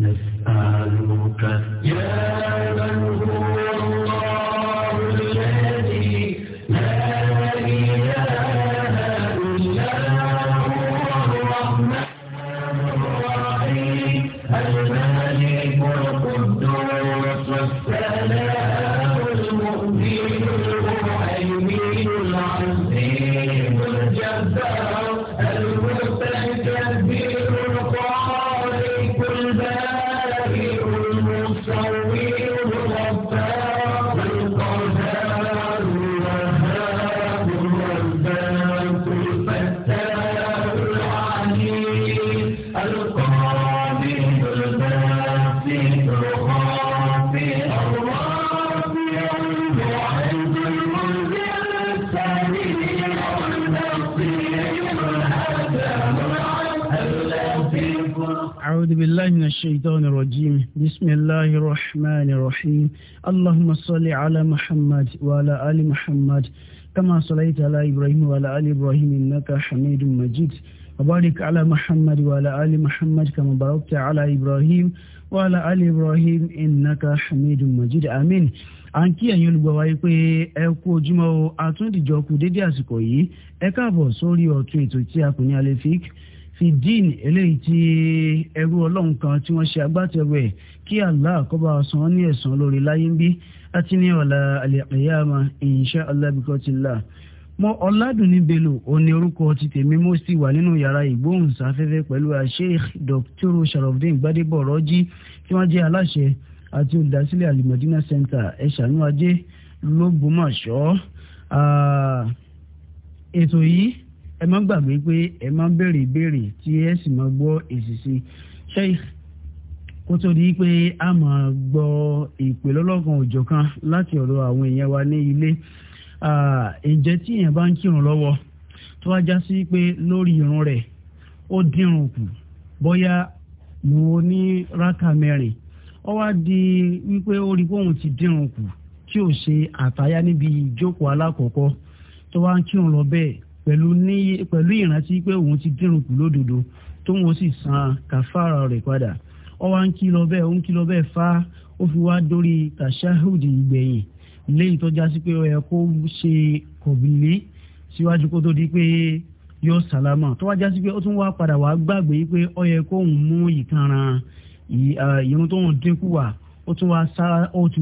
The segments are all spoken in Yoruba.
نسألك الرحيم اللهم صل على محمد وعلى آل محمد كما صليت على إبراهيم وعلى آل إبراهيم إنك حميد مجيد وبارك على محمد وعلى آل محمد كما باركت على إبراهيم وعلى آل إبراهيم إنك حميد مجيد آمين à ń kí ẹ̀yin olùgbọ́ wa pé ẹ kú ojúmọ́ o àtúndìjọ́ kù dédé àsìkò yìí ẹ káàbọ̀ sórí ọ̀tún ètò tí a kò ní alẹ́ fíkì fìdíìn eléyìí tí ẹrú ọlọ́run kan tí wọ́n ṣe agbátẹrù ẹ̀ kí Allah kó bá san ní ẹ̀san lórí láyé ń bí àti ní ọ̀la al-qiyama insha Allah bi qawtillah mo ọ̀làdùnní bello òní orúkọ ti tèmi mo sì wà nínú yàrá ìgbóhùnsáfẹ́fẹ́ pẹ̀lú Sheikh Dr. Sharafdin Gbadebo Ọ̀rọ̀jì tí wọ́n jẹ́ aláṣẹ àti olùdásílẹ̀ Al-Madina Center ẹ̀ṣánú ajé lọ́gbọ́mọṣọ́ ah, ètò yìí ẹ má gbàgbé pé ẹ má béèrè ìbéèrè tí ẹ sì má gbọ́ èsì sí Sheikh kó tó di pé a máa gbọ́ ìpè lọ́lọ́kan òjọ̀kan láti ọ̀dọ̀ àwọn èèyàn wa ní ilé ǹjẹ́ tí èèyàn bá ń kírun lọ́wọ́ tó wá já sí pé lórí irun rẹ̀ ó dínrùn kù bóyá ìwọ ní rákà mẹ́rin ó wá di wípé ó rí pé òun ti dínrùn kù tí ò ṣe àtayá níbi ìjókòó alákọ̀ọ́kọ́ tó wá ń kírun lọ bẹ́ẹ̀ pẹ̀lú ní pẹ̀lú ìrántí pé òun ti dírun kù lódodo tóun ó sì san kàfàrà rẹ̀ padà ó wá ń kìlọ̀ bẹ́ẹ̀ ó ń kìlọ̀ bẹ́ẹ̀ fa ó fi wá dórí tàṣáhùdì ìgbẹ̀yìn lẹ́yìn tó jásí pé ó yẹ kó ṣe kọ̀bìlì síwájú kó tó di pé yóò sàlámà tó wá jásí pé ó tún wá padà wá gbàgbé pé ó yẹ kóun mú ìtanràn ìrun tóun dínkù wá ó tún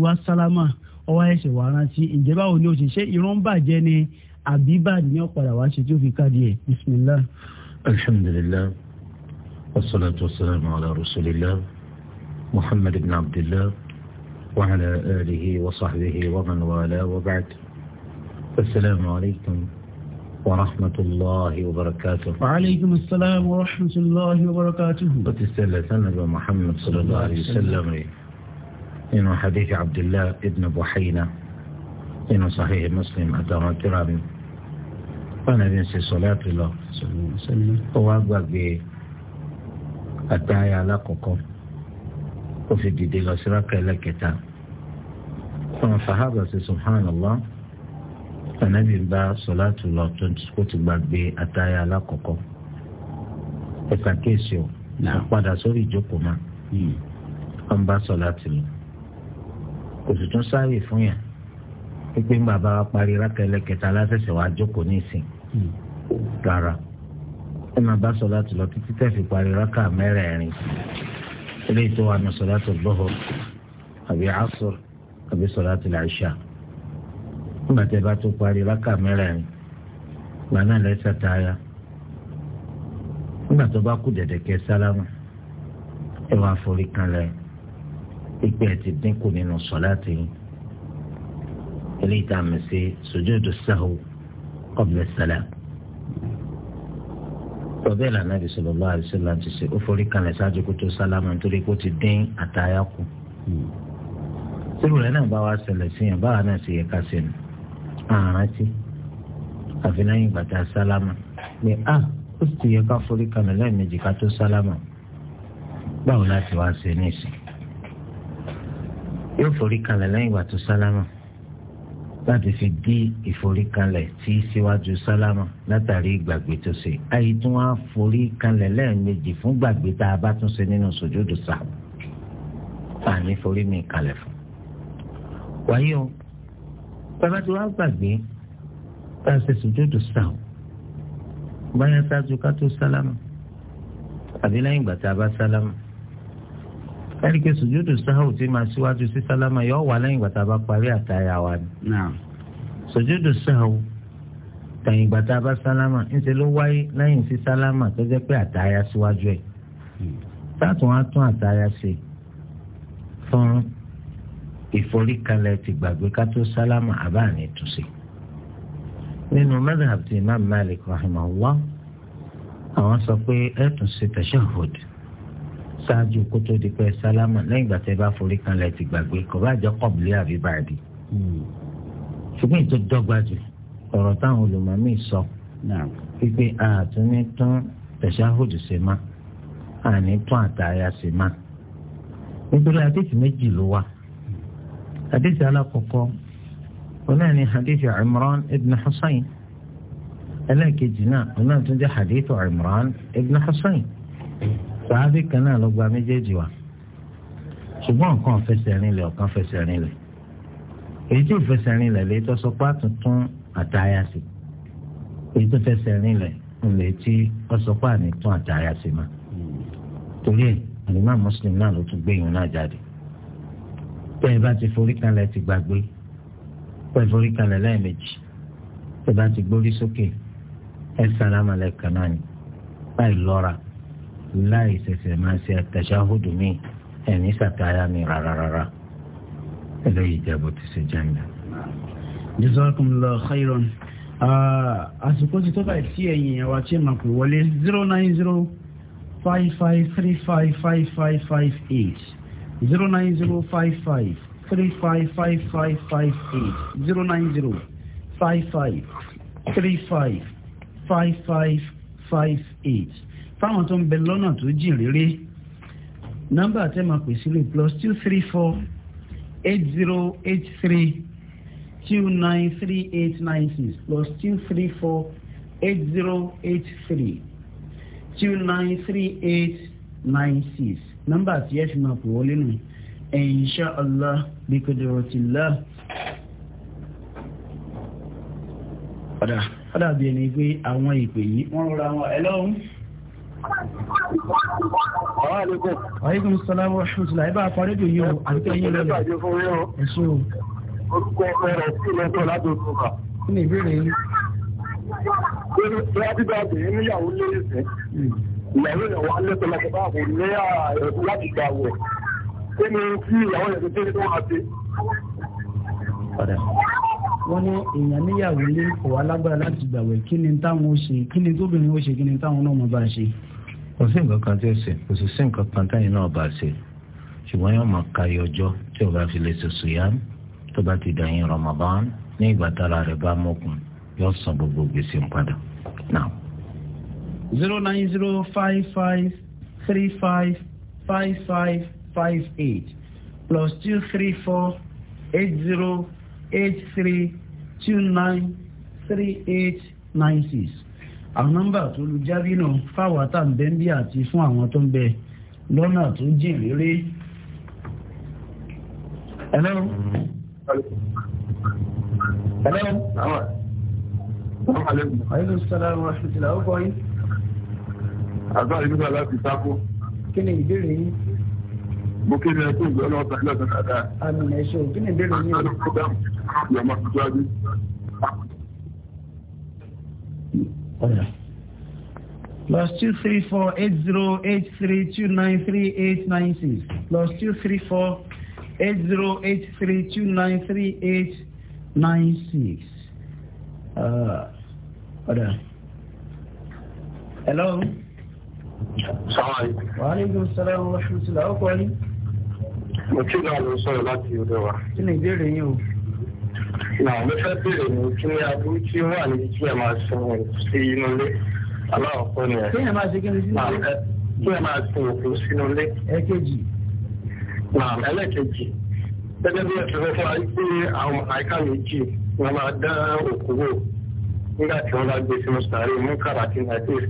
wá sálámà ó wá ẹsẹ̀ wá rántí ǹjẹ́ báwo ni ó bàjẹ́ ni àbíbà ni ọ̀padà wá ṣe tí ó fi káàdì ẹ̀ bisimilah. alhamdulilah wasalaatu wasalaamu ala rasulillah muhammad ibn abdillah wa ala alihi wa sahbihi wa man wala wa ba'd asalaamu alaykum wa rahmatulahi wa barakatuh. wa alaykum salaam wa rahmatulahi wa barakatuh. wa ti ṣẹlẹ̀ sanabi muhammad sallallahu alayhi wa sallam rẹ̀ nínú hadith abdillah ibn buhayna. nínú sàhíhì muslim àtàwọn tíra fanabi ṣe sọláàtì lọ ó wá gbàgbé àtàyà alákọ̀ọ́kọ́ ó fi dìde lọ sí rákà ẹlẹ́kẹta fún sahaba ṣe subhanallah fanabi bá sọláàtì lọ tó ti gbàgbé àtàyà alákọ̀ọ́kọ́ ẹ̀ka kéèsì ọ̀ padà sórí ìjókòó máa hmm. wọ́n bá sọláàtì lọ kò sì tún sáàyè fún yẹn pípé ń bàbá parí rákà ẹlẹ́kẹta aláṣẹ̀ṣẹ̀ wàá jókòó ní ìsìn rárá ẹ máa bá sọ lọ títí tẹ̀sí parí rákà mẹ́rẹ̀ẹ̀rin eléyìí tó wà ní sọ̀láàtì lọ́họ̀ àbí asr àbí sọ̀láàtì làṣà nígbà tẹ́ bá tó parí rákà mẹ́rẹ̀ẹ̀rin gbà náà lẹ́sẹ̀ táyà nígbà tó bá kú sálámù ẹ wá forí kanlẹ̀ ti dínkù nínú sọ̀láàtì yìí eléyìí tá a sí qabla as-salam ọbẹ̀ ìlànà Ànábì sallallahu alaihi wasallam ti ṣe ó forí kalẹ̀ ṣáájú kó tó sálámà nítorí kó ti dín àtàyà kù. sírùlẹ̀ náà bá wa ṣẹlẹ̀ sí yẹn báwa náà sì yẹ ká ṣe nù. àrántí àfi lẹ́yìn ìgbà tá a sálámà pé a ó sì ti yẹ láti fi dí ìforíkanlẹ̀ tí síwájú sálámà látàrí ìgbàgbé tó ṣe àyè tí wọ́n á forí kanlẹ̀ lẹ́ẹ̀mejì fún gbàgbé tá a bá tún ṣe nínú sòjúdù sáà àní forí mi kalẹ̀ fún. wáyé o bàbá tí wọ́n á gbàgbé tá a ṣe sòjúdù sáà báyà sáájú ká tó sálámà àbí lẹ́yìn ìgbà tá a bá sálámà ẹni pé sùjúdù sáhù tí máa síwájú sí sálámà yóò wà lẹ́yìn ìgbà tá a bá parí àtàyà wa ni. sùjúdù sáhù tẹ̀yìn ìgbà tá a bá sálámà ńṣe ló wáyé lẹ́yìn sí sálámà tó jẹ́ pé àtàyà síwájú ẹ̀. Hmm. táàtún á tún àtàyà ṣe fún ìforíkalẹ̀ ti gbàgbé ká tó sálámà àbá àní túnṣe. nínú madhhab ti imam malik rahimahullah àwọn sọ pé ẹ̀ tún ṣe tashahhud ṣáájú kó tó di pé sálámà lẹ́yìn ìgbà tẹ́ bá forí kanlẹ̀ ti gbàgbé kò bá jẹ́ kọ̀bùlé àbí bàdí. Hmm. ṣùgbọ́n ètò dọ́gba jù ọ̀rọ̀ táwọn olùmọ̀mí sọ wípé àtúní tún tẹ̀síáhùdù ṣe má àní tún àtàyà ṣe má. nítorí àdéhì méjì ló wà àdéhì alákọ̀ọ́kọ́ onáà ni àdéhì Imran ibn Hussein ẹlẹ́ẹ̀kejì náà onáà tún jẹ́ sàábì kan náà ló gba méjèèjì wa ṣùgbọ́n nǹkan fẹsẹ̀ rinlẹ̀ ọ̀kan fẹsẹ̀ rinlẹ̀ èyí tí ìfẹsẹ̀ rinlẹ̀ lè tó sọ pé àtúntún àtàyà sí èyí tó fẹsẹ̀ rinlẹ̀ ńlẹ̀ tí ó sọ pé àníntún àtàyà sí ma torí ẹ̀ àlùmá Muslim náà ló tún gbé ìyún náà jáde tẹ́ ẹ bá ti forí kanlẹ̀ ti gbàgbé tẹ́ ẹ forí kanlẹ̀ lẹ́ẹ̀mejì tẹ́ ẹ bá ti gbórí sókè ẹ sálámà lẹ́ẹ̀kan náà ni báyìí lọ́ra láì ṣẹ̀ṣẹ̀ máa ṣe àtàṣáhùdù mi ẹ̀ní sàtáyà mi rárára eléyìí jẹ́ bó ti ṣe jẹ́ ń bẹ̀. jazakumullahu khairan àsìkò ti tó báyìí ẹ̀yìn ẹ̀ tí ẹ̀ máa pè wọlé zero nine zero five five three five five five five eight zero nine zero five five three five five five five eight zero nine zero five five three five five five five eight fáwọn tó ń bẹ lọ́nà tó jìn réré nọ́mbà tẹ́ máa pè sílẹ̀ plus two three four eight zero eight three two nine three eight nine six plus two three four eight zero eight three two nine three eight nine six nọ́mbà tí ẹ fi máa pè wọlé nù insha Allah bí qudratillah. ọ̀dà ọ̀dà bíi ẹni pé àwọn ìpè yìí wọ́n rọra wọn ẹ lọ́hùn Ọ̀yẹ́gun Sọlámù Ṣùsùlà ẹ bá a parí dùn yìí o, àti ẹ̀yìn lọ́lẹ̀. Ẹ̀sùn o. Orúkọ ọmọ rẹ̀ sí ìlọ́tọ̀ láti oṣù kà. Kí ni ìbéèrè yín? Bí a ti bá bẹ̀rẹ̀ níyàwó lé ìfẹ́, ìyàwó ìyàwó alẹ́tọ̀ láti bá àbò ní ẹ̀kú láti gbà wẹ̀. Kí ni kí ìyàwó yẹn tó tó wá sí? Wọ́n ní èèyàn níyàwó lé kò wá lágbára láti gbà wẹ̀ kí ni táwọn ó ṣe kí ni tóbìnrin ó ṣe kí ni táwọn náà mọ̀ kò sí nǹkan kan tí ó ṣe kò sì sí nǹkan kan táyìn náà bá ṣe ṣùgbọ́n yóò máa ka yọ ọjọ́ tí o bá fi lè ṣe sùyàm tó bá ti dàyìn Ramadan ní ìgbà tára rẹ̀ bá mọ́kùn yóò san gbogbo gbèsè padà náà. zero nine zero five five three five five five five eight plus two three four eight zero eight three two nine three eight nine six àwọn nọ́mbà tó lu jábínà fáwọn àtàǹbẹ́ńbí àti fún àwọn tó ń bẹ lọ́nà tó jìn réré. hello. hello. aleykum salaam wa ó kọ́ yín. àgbà ìlú bàbá ti sáko. kí ni ìbéèrè yín mo kí ni ẹ kó ìgbẹ́ ọlọ́ọ̀ta ilé ọ̀sán dáadáa. àmì ẹ̀ṣọ́ kí ni ìbéèrè yín o. àti àdókòdà yọ̀ọ́ máa tuntun ọ̀yà. plus two three four eight zero eight three two nine three eight nine six plus two three four eight zero eight three two nine three eight nine six. Uh, ọ̀dà. hello. sàmàlì. wàhálà ìṣẹ̀lẹ̀ ọ̀ṣun sílẹ̀ ọkọ̀ yìí. mo kí ni àlọ́ sọ̀rọ̀ láti ọ̀dọ̀ wa. kí ni ìbéèrè yín o náà mo fẹ́ bèrè ní kí ni aburú tí ó wà níbi tí ẹ máa sun òkú sí inú ilé aláwọ̀kọ́ ni ẹ. kí ẹ máa ṣe kí ni sínú ilé. kí ẹ máa sun òkú sínú ilé. ẹ̀kejì. náà ẹlẹ́kejì gẹ́gẹ́ bí ẹ̀sùn fún wa pé àwọn àyíká méjì wọ́n máa dá òkú wò nígbà tí wọ́n bá gbé sínú sàárè mú kàràkì nàìjíríà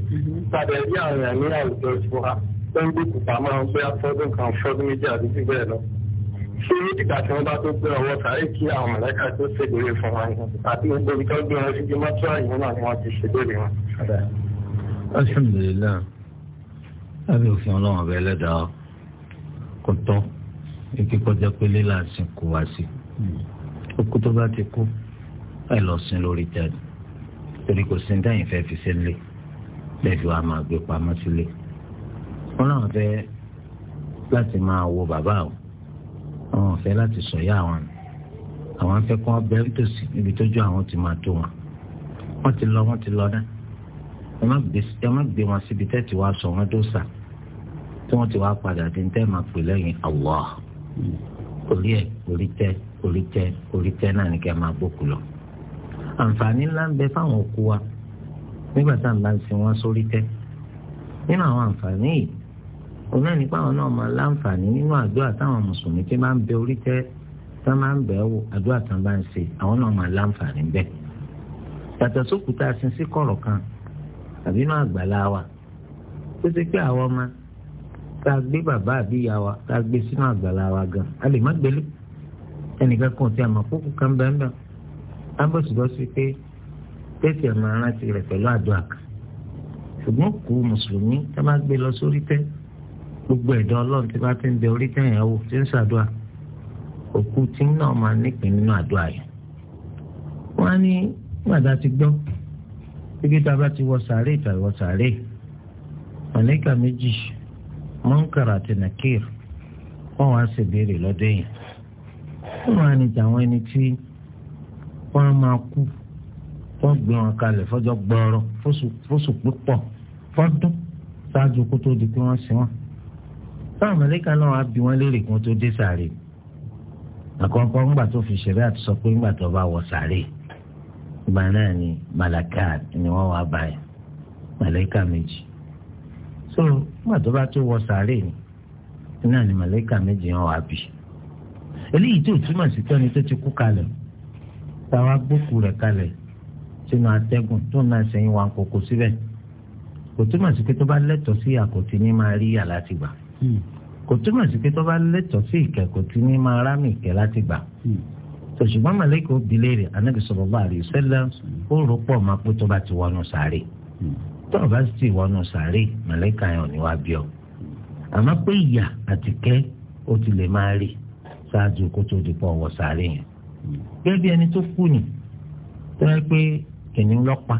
tàbí ẹbí àwọn èèyàn ní àwùjọ ìfowópamọ́ ń gbé kùpamọ́ bóyá fọ́dún kan fọ́dún méjì àdúgbò bẹ́ẹ̀ lọ ṣé ìgbà tí wọ́n bá tó gbé ọwọ́ sáré kí àwọn mọ̀lẹ́ka tó ṣègbèrè fún wa àti gbogbo ibi tó gbé wọn sí ju mọ́tò àyìn náà ni wọ́n ti ṣègbèrè wọn. alhamdulilayi lábẹ́ òfin ọlọ́run ọ̀bẹ ẹlẹ́dàá kò tọ́ ike kọjá pélé láàsìn kò wá sí òkú tó bá ti kú ẹ lọ sin lórí jáde torí kò sí dáhìn fẹ́ fi sílẹ̀ lẹ́dùn a máa gbé pamọ́ sílẹ̀ wọn làwọn fẹ́ láti máa wo bàbá àwọn àwọn ọ̀fẹ́ láti sọ yá àwọn ni àwọn afẹ́ kọ́ bẹ́ẹ̀ nítòsí níbi tójú àwọn ti máa tó wọn wọ́n ti lọ wọ́n ti lọ dá ẹ má gbé wọn síbi tẹ́ ti wá sọ wọn tó sà tí wọ́n ti wá padà dé tẹ́ máa pè lẹ́yìn Allah orí ẹ̀ orí tẹ́ orí tẹ́ orí tẹ́ náà ni kẹ́ máa gbókù lọ. àǹfààní ńlá ń bẹ fáwọn òkú wa nígbà tá à ń bá ń sin wọn sórí tẹ́ nínú àwọn àǹfààní yìí òun náà nípa àwọn náà máa láǹfààní nínú àdúrà táwọn mùsùlùmí tí máa ń bẹ orí tẹ́ tá máa ń bẹ̀ wò àdúrà tán bá ń ṣe àwọn náà máa láǹfààní bẹ́ẹ̀. yàtọ̀ sókùtà sin sí kọ̀rọ̀ kan àbí inú àgbàlá wa tó ṣe pé àwọn ọmọ tá a gbé bàbá àbí ìyá wa tá a gbé sínú àgbàlá wa gan a lè má gbélé ẹnìkan kan tí a kókó kan bẹ́ẹ̀ bẹ́ẹ̀ á bọ̀ ṣùgbọ́n sí pé tẹ́tì ẹ̀ máa rẹ̀ pẹ̀lú àdúrà kan ṣùgbọ́n kù mùsùlùmí tá a máa gbé lọ sórí tẹ́tì gbogbo ẹ̀dọ́ ọlọ́run tí bá ti ń bẹ orí tẹ̀yìn ẹ̀wò tí ń ṣàdúrà òkú tí náà máa nípìn nínú àdúrà yìí. wọ́n á ní gbàdá ti gbọ́ ibi tá a bá ti wọ sàárè ìta ìwọ sàárè mọ̀nìkà méjì mọ́ńkàrà àti nàkìr wọ́n wá sì béèrè lọ́dọ̀ yìí. wọ́n á ní tàwọn ẹni tí wọ́n máa kú wọ́n gbé wọn kalẹ̀ fọ́jọ́ gbọ́ọ̀rọ̀ fóṣù púpọ̀ fọ́dún ṣáájú kó di pé wọ́n sin wọn táwọn mọ̀lẹ́kà náà á bí wọ́n léèrè kí wọ́n tó dé sàárè àkọ́kọ́ ńgbà tó fi ṣẹ̀rẹ́ àti sọ pé ńgbà tó bá wọ sàárè ìgbà náà ni màlàkà ni wọ́n wá báyìí màlẹ́kà méjì so ńgbà tó bá tó wọ sàárè ni náà ni màlẹ́kà méjì wọ́n wá bí eléyìí tó túmọ̀ sí tọ́ni tó ti kú kalẹ̀ táwa gbókù rẹ̀ kalẹ̀ sínú atẹ́gùn tó náà sẹ́yìn wa kókó síbẹ̀ kò túmọ̀ sí pé tó bá lẹ́tọ̀ọ́ sí àkótí ní máa rí yà Hmm. kò túmọ̀ sí pé tó bá lẹ́tọ̀ọ́ sí ìkẹ́ kò tí ní máa rámì ìkẹ́ láti gbà tòṣùgbọ́n hmm. màlẹ́kì obìnrin rẹ̀ anábì sallallahu alaihi wasallam ó rò pọ̀ máa pé tó bá ti wọnú sàárè hmm. tó o bá sì ti wọnú sàárè màlẹ́kì ayọ̀ ni wá bí ọ àmọ́ pé ìyà àti kẹ́ ó ti lè máa rí ṣáájú kó tó di pọ̀ wọ sàárè yẹn gẹ́gẹ́ ẹni tó kú ni tó yẹ pé kìnìún lọ́pa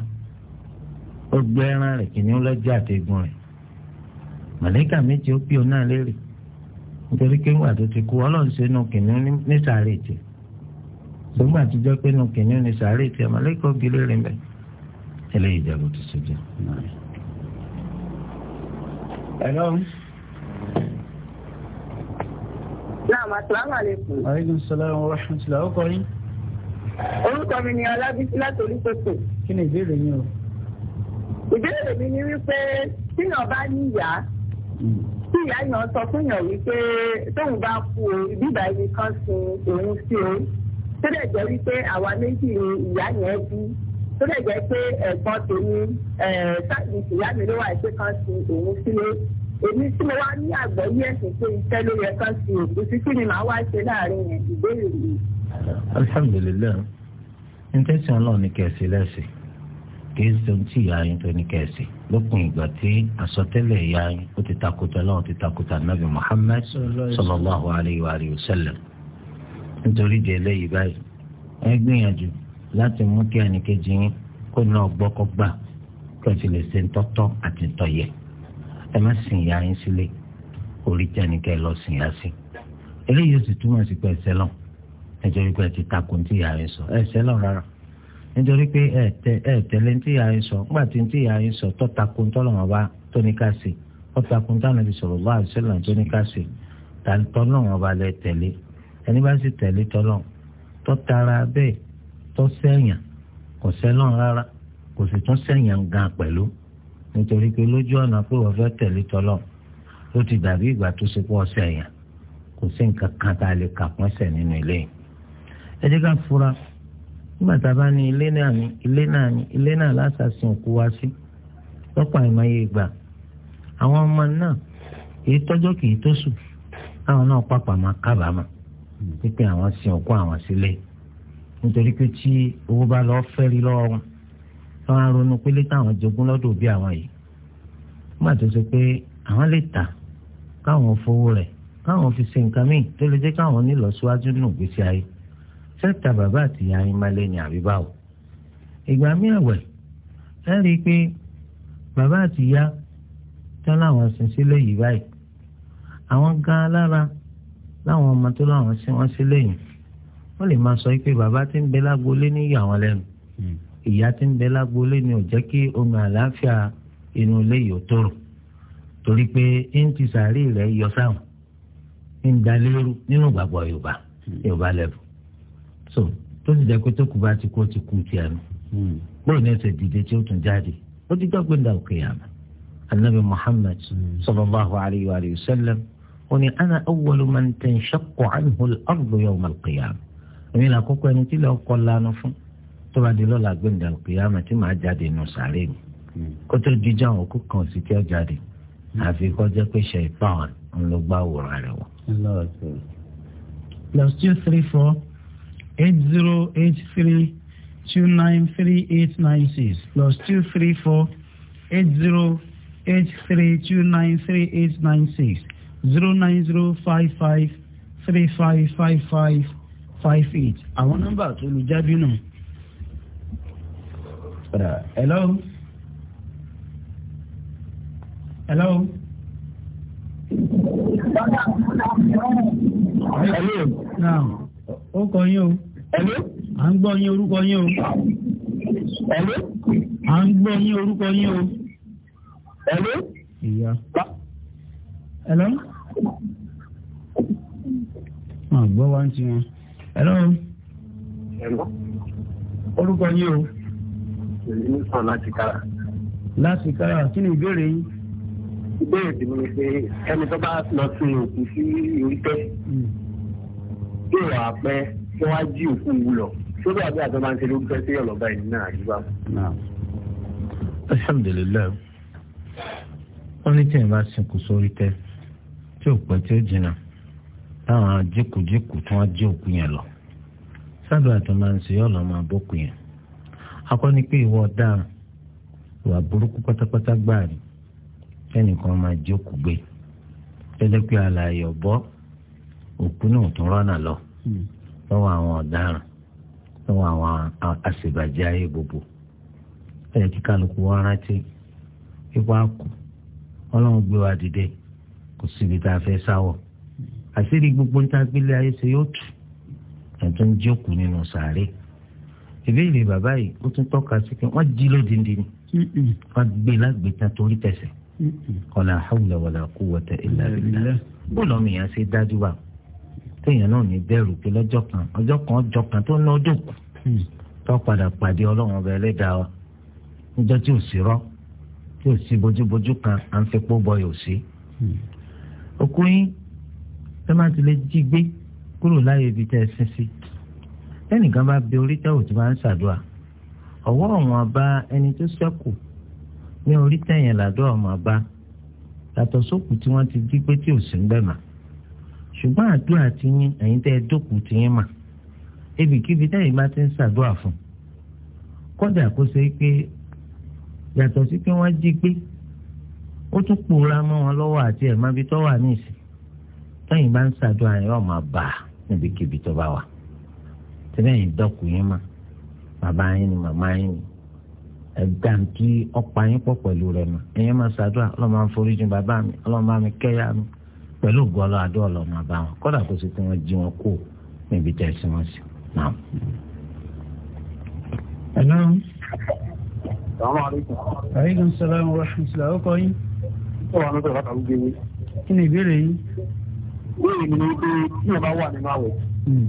màlẹ́kà méje ó bí ọ náà lérè nítorí pé ńgbà tó ti kú ọlọ́run ṣe nu kìnìún ní sàárè tiẹ̀ sọgbà tó jẹ́ pé nu kìnìún ní sàárè tiẹ̀ màlẹ́kà ògì lérè mbẹ́ eléyìí jẹ́ kó tó ṣe jẹ́. ẹ̀rọ. Naam, assalamu alaykum. Wa alaykum assalam wa rahmatullah. Ó kọ yín. Orúkọ mi ni Ọlábísí láti Olúkòkò. Kí ni ìbéèrè yín o? Ìbéèrè mi ni wípé tíyàn bá ní ìyá tí ìyá yàn sọ fún yàn wípé tóun bá kú o bíbá ẹni kan sin òun sí o tó dẹ̀ jẹ́ wípé àwa méjì ni ìyá yẹn bí tó dẹ̀ jẹ́ pé ẹ̀gbọ́n tèmi sáàdì ìyá mi ló wà pé kan sin òun sílé èmi tí mo wá ní àgbọ́yé ẹ̀sìn pé iṣẹ́ ló yẹ kan sin òun sí kí ni màá wá ṣe láàrin ìbéèrè alhamdulilayi n tẹ́sán náà ni kẹ̀sì lẹ́sìn kìí ṣe ohun tí ìyá yín tó ní kẹ́ẹ̀sì lópin ìgbà tí àsọtẹ́lẹ̀ ìyá yín ó ti takùtà lọ́wọ́ ti takùtà nàbì Muhammad sallallahu alayhi wa alihi wa sallam nítorí di eléyìí báyìí ẹ gbìyànjú láti mú kí ẹnìkejì yín kó ná ọgbọ́kọ́ gbà kí ẹ fi lè ṣe ńtọ́tọ́ àti ńtọ́yẹ ẹ má sìn ìyá yín sílé orí tí ẹnìkẹ́ lọ sìn yá sí eléyìí ó sì túmọ̀ sí pé lọ ẹjọ́ wípé ti takùn tí ìyá yín sọ ẹsẹ̀ lọ rárá nítorí pé ẹ tẹ ẹ tẹlẹ ntí ìyá yín sọ ńgbà tí ntí ìyá yín sọ tọ́ta kun tọ́lọ́mọ bá tóníkàsì ọ̀tà kun táwọn ẹbí sọ̀rọ̀ bá àṣẹlẹ̀ tóníkàsì tọ́lọ́mọ bá lẹ tẹ̀lé ẹni bá sì tẹ̀lé tọ́lọ́ tọ́tara bẹ́ẹ̀ tọ́sẹ̀yàn kò sẹ́lọ̀n rárá kò sì tún sẹ̀yàn gan pẹ̀lú nítorí pé lójú ọ̀nà pé wọ́n fẹ́ tẹ̀lé tọ́lọ́ ó ti dàbí ìgbà tó ṣe pọ̀ sẹ̀yàn nígbà tá a bá ní ilé náà ní ilé náà ní ilé náà lásàsìn òkú wa sí lọ́pọ̀ àìmọye ìgbà àwọn ọmọ náà èyí tọ́jọ́ kì í tó sùn káwọn náà pàpà máa kábàámọ̀ wípé àwọn sin òkú àwọn sílé nítorí pé tí owó bá lọ́ọ́ fẹ́ rí lọ́wọ́ wọn wọn ronú pé létà àwọn jogún lọ́dọ̀ bí àwọn yìí nígbà tó ṣe pé àwọn lè tà káwọn fowó rẹ̀ káwọn fi ṣe nǹkan míì tó lè jẹ́ káwọn nílọsíwájú sẹ́ta bàbá àtìyá yín má lé ní àbíbá o ìgbà mí ẹ̀wẹ̀ ẹ rí i pé bàbá àtìyá tán láwọn sin sílé yìí báyìí àwọn gan alára láwọn ọmọ tó láwọn sin wọn sílé yìí wọ́n lè máa sọ pé bàbá tí ń bẹ lágboolé ní ìyá lẹ́nu hmm. ìyá tí ń bẹ lágboolé ni ò jẹ́ kí omi àlàáfíà inú ilé yìí ó tòrò torí pé ń ti sàárè rẹ̀ yọ sáwọn ń dalérú nínú ìgbàgbọ́ yorùbá hmm. yorùbá lẹ́bù so tó sì jẹ́ pé tó kù bá ti kú ó ti kú tiẹ̀ nù bóyá ní ẹsẹ̀ dìde tí ó tún jáde ó ti dọ́gbé ndà òkè yàrá anabi muhammad hmm. sallallahu alayhi wa sallam ó ní ana awwalu man tanshaqqu anhu al-ardu yawm al-qiyamah èmi là kọ́kọ́ ẹni tí lọ́ọ́ kọ́ lanu fún tó bá di lọ́la gbé ndà òkè yàrá tí màá jáde nù sàré mi hmm. kó tó di jẹun òkú kan sì tí ó jáde hmm. àfi kọ́ jẹ́ pé ṣe ìpáwọn ńlọgbà wòrán rẹ̀ wọ̀. plus two three four eight zero eight three two nine three eight nine six plus two three four eight zero eight three two nine three eight nine six zero nine zero five five three five five five five eight àwọn nọ́mbà tó lu jábí nù. hello hello. hello. now ó kọ yín o. Ẹ̀lú. À ń gbọ́ yín orúkọ yín o. Ẹ̀lú. À ń gbọ́ yín orúkọ yín o. Ẹ̀lú. Ìyá. Ẹ̀lọ́. Wọ́n gbọ́ wá ń ti wọn. Ẹ̀lọ́. Orúkọ yín o. Èyí ń sọ láti kára. Láti kára, kí ni ìbéèrè yín? Ìbéèrè tèmi ni pé ẹni tó bá lọ sí òkú sí orí tẹ́. Hmm. Yóò wà pẹ́ kí wọ́n á jí òkú wù lọ sórí àbí àtọ́ máa ń ṣe lórúkọ sí ọ̀lọ́ba ìlú náà àdúrà. alhamdulilayi wọ́n ní tí ìbá sìnkú sórí tẹ́ tí ò pẹ́ tí ó jìnnà táwọn jíkùjíkù tí wọ́n jí òkú yẹn lọ sábà àtọ́ máa ń ṣe ọ̀lọ́ máa bókù yẹn akọ́ni pé ìwọ dáa ìwà burúkú pátápátá gbáà ni ẹnìkan máa jókòó gbé tẹ́lẹ̀ pé ọ̀bọ òkú náà tún rọ́nà lọ. Hmm lọ́wọ́ àwọn ọ̀daràn lọ́wọ́ àwọn àṣebàjẹ́ ayé gbogbo ẹ̀yẹ kí kálukú wá rántí ipa kù ọlọ́run gbé wa dìde kò síbi tá a fẹ́ sáwọ̀ àṣírí gbogbo ń tágbélé ayé ṣe yóò tù ẹ̀tọ́ ń jókòó nínú sàárè ìbéèrè bàbá yìí ó tún tọ́ka sí pé wọ́n jí lódindi ni wọ́n gbé lágbèéta torí tẹ̀sẹ̀ ọ̀là hàwùlà wàlà kú wọ̀tẹ̀ ìlà bó lọ́mìyàn ṣe dájú báwọn téèyàn náà ní bẹ̀rù pé lọ́jọ́ kan ọjọ́ kan ọjọ́ kan tó ná ọdún kù hmm. tó padà pàdé ọlọ́run ọba ẹlẹ́dàá wa níjọ́ tí ò sí rọ́ tí ò sí bójúbójú kan à ń fi pọ́ bọ́ yóò sí. Hmm. òkú yín ẹ máa ti lè jí gbé kúrò láyé ibi tẹ́ ẹ sin sí ẹnìkan bá bẹ orí tẹ́ òtí máa ń ṣàdúrà ọwọ́ ọ̀wọ́n bá ẹni tó ṣẹ́kù ní orí tẹ̀yìn làdó ọ̀mọ̀ bá yàtọ̀ sókù tí wọ́n ti jí gbé tí ò sí ń bẹ̀ mà. ṣùgbọ́n àdúrà ti yín ẹ̀yin tẹ́ ẹ jókòó ti yín mà ebìkíbi tẹ́yìn bá ti ń ṣàdúrà fún kọ́dà kó ṣe pé yàtọ̀ sí pé wọ́n jí gbé ó tún pòórá mọ́ wọn lọ́wọ́ àti ẹ̀mọ́ ibi wà nísìn tẹ́yìn bá ń ṣàdúrà yẹn máa bà á níbikíbi tó bá wà yín mà bàbá yín ni màmá pẹ̀lú gbọ́lọ́ adó ọlọ́mọ bá wọn kọ́dà kó sì kí wọ́n jí wọn kó níbi tẹ̀ sí wọn sí. ẹ̀lọ́. aleykum salaam wa rahmatulah ọkọ yín. kí ni ìbéèrè yín. ìbéèrè mi ni pé tí wọn bá wà nínú àwẹ̀ hmm.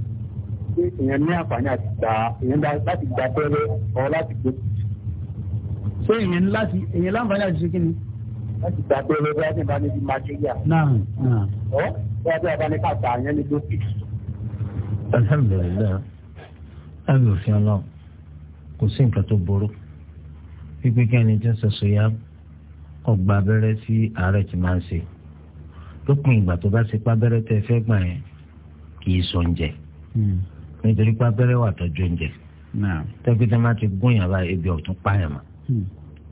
èèyàn ní àǹfààní àti gbà èèyàn láti gbà pẹ́rẹ́ ọ láti gbé. ṣé èèyàn láǹfààní àti ṣe kí ni gbàgbé ló bá ti bá ní bí májíríà. ọ bí a bí a bá ní kàtà yẹn ní lókè. alhamdulilayi lábẹ́ òfin ọlọ́run kò sí nǹkan tó burú pípé kí ẹni tí ń sọ sọ́yà ọgbà abẹ́rẹ́ sí àárẹ̀ tí máa ń ṣe lópin ìgbà tó bá ṣe pábẹ́rẹ́ tẹ́ fẹ́ gbà yẹn kì í sọ oúnjẹ hmm. nítorí pábẹ́rẹ́ wà tọ́jú oúnjẹ tẹ́gbẹ́tẹ́ máa ti gún yàrá ebi ọ̀tún pààyàn mọ́ hmm.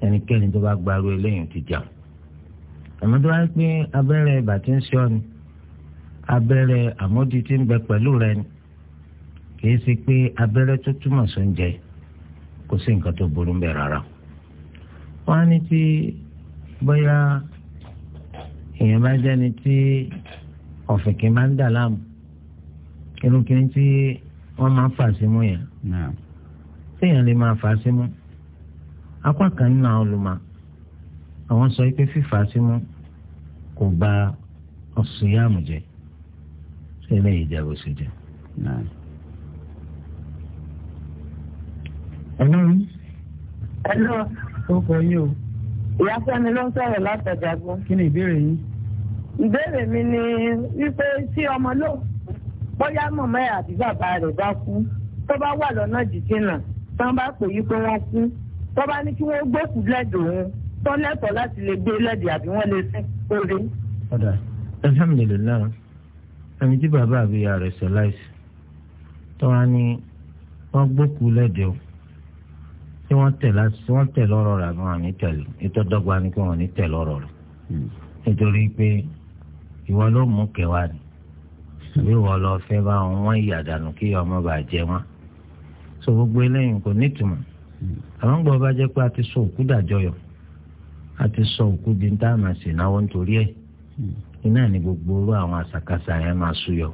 ẹnikẹ́ni tó bá gbarú eléyìí ti jẹun àmọ́ tó wáyé pé abẹ́rẹ́ ibà tí ń ṣe ọ́ ni abẹ́rẹ́ àmódi tí ń bẹ pẹ̀lú rẹ ni kìí ṣe pé abẹ́rẹ́ tó túmọ̀ sóúnjẹ kò sí nǹkan tó burú ń bẹ rárá. wọ́n á ní tí bóyá èèyàn bá jẹ́ni tí ọ̀fìnkì máa ń dà láàmú irun kìí tí wọ́n máa ń fà símú yẹn. téèyàn lè máa fà símú apá kan nínú àwọn olùmọ̀ àwọn sọ pé fífà símú. kò bá ọ̀sùnyàmù jẹ ṣẹlẹ̀ ìjàbọ̀ sí jẹ. ẹ̀lọ́ mi. ẹ̀lọ́. ó kọ yín o. ìyá sẹ́ni ló ń sọ̀rọ̀ látọ̀jàgbọ́. kí ni ìbéèrè yín. ìbéèrè mi ni wípé tí ọmọ ló bóyá mọ̀mọ́ bàbá rẹ̀ bá kú tó bá wà lọ́nà tó bá pè yí pé wọ́n kú tó bá ní kí wọ́n lẹ́dọ̀ọ́ tọ́lẹ́tọ̀ láti lè gbé lẹ́dí àbí wọ́n lè sìn kórè. ọ̀dà alhamdulilayi ẹni tí bàbá àbíyá rẹ̀ sọ láìsí tọ́wá ni wọ́n gbókùú lẹ́dí o tí wọ́n tẹ̀ láti wọ́n tẹ̀ lọ́rọ̀ rẹ̀ àbí wọn ní tẹ̀lé ìtọ́dọ́gba ni pé wọn ní tẹ̀ lọ́rọ̀ rẹ̀ hmm. nítorí pé ìwọ ló mú kẹwàá ni ìwọ lọ fẹ́ bá wọn wọ́n ìyà dànù kí ọmọ bàá jẹ wọn so gbogbo eléyìí kò nítumọ̀ hmm. àwọn gbọ́ bá jẹ́ pé a ti so òkú dàjọyọ̀ àti sọ òkú di ń tá a máa ṣe náwó nítorí ẹ̀ hmm. iná ní gbogbo orú àwọn àṣàkáṣà yẹn máa ṣúyọ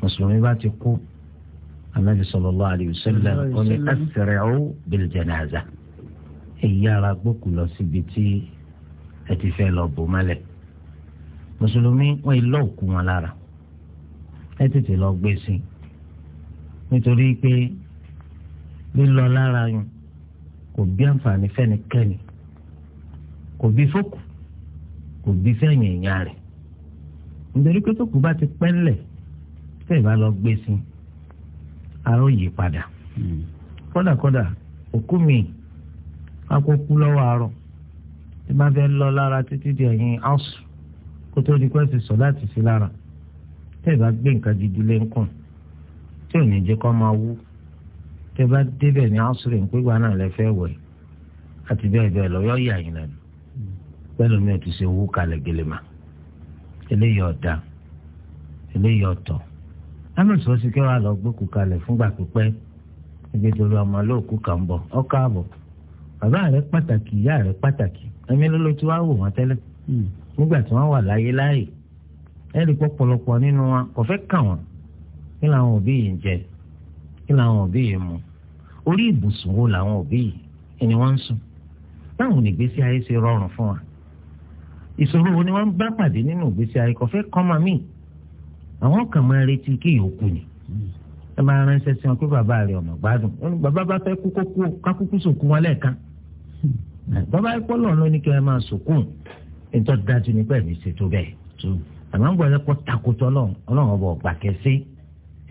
mùsùlùmí bá ti kú anabi sallallahu alayhi wa sallam ó ní asri'u bil janaza ẹ yára gbókù lọ síbi tí ẹ ti fẹ́ lọ bò mọ́lẹ̀ mùsùlùmí wọn ilé òkú wọn lára ẹ tètè lọ gbé sí nítorí pé lílọ lára yun kò bí àǹfààní fẹ́nikẹ́ni kò gbé sókù kò gbé sẹ́yìn èèyàn rẹ̀ nítorí pé sókù bá ti pẹ́ ńlẹ̀ tẹ́ ẹ̀ bá lọ gbé sí arọ́ yìí padà hmm. kódàkódà òkú mi akókú lọ́wọ́ arọ́ tí bá fẹ́ lọ lára títí di ẹ̀yìn áṣù kó tó di pẹ́ẹ́sì sọ láti sí lára tẹ́ ẹ̀ gbé nǹkan gidi lé ńkùn tí ò ní jẹ́ kó máa wú tẹ́ bá débẹ̀ ní áṣù rẹ̀ ń pé gbaná lẹ fẹ́ wẹ̀ àti bẹ́ẹ̀ bẹ́ẹ̀ lọ yà yín lẹ́nu. bẹ́ẹ̀ mi ò ti ṣe owó kalẹ̀ gẹ́lẹ́ ma eléyìí ọ̀dà eléyìí ọ̀tọ̀ amẹ́sọ̀ sí kí wàá lọ gbé kalẹ̀ fúngbà pípẹ́ ìgbẹ́jọ́rọ̀ ọmọ olóòkú kan bọ̀ ọkọ̀ àbọ̀ bàbá rẹ pàtàkì rẹ pàtàkì ló ló ti wá wò tẹ́lẹ̀ hmm. nígbà tí wọ́n wà láyé láàyè ẹ̀rí pọ̀pọ̀lọpọ̀ nínú wọn kò fẹ́ wọ́n kí làwọn òbí yìí ń jẹ kí làwọn òbí yìí mu orí ìbùsùn wo làwọn òbí yìí ẹni wọ́n ń sùn báwo nìgbésí ayé ṣe rọrùn ìṣòro wo ni wọ́n bá pàdé nínú ìgbésí ayé kò fẹ́ kọ́mọ mi àwọn kan máa retí kí ìyókù ni ẹ máa ránṣẹ́ sí wọn pé bàbá rẹ̀ ọ̀nà gbádùn bàbá bá fẹ́ kú kókó kákúkú sòkú wọn lẹ́ẹ̀kan hmm. bàbá ẹ̀pọ̀ lọ́ọ̀ ló ní kí wọ́n máa sòkún nítorí dájú ní pẹ̀lú ìṣètò bẹ́ẹ̀ hmm. àmọ́ ń gbọ́dọ̀ pọ̀ takotọ́ ọlọ́run ọba ọ̀gbà kẹsí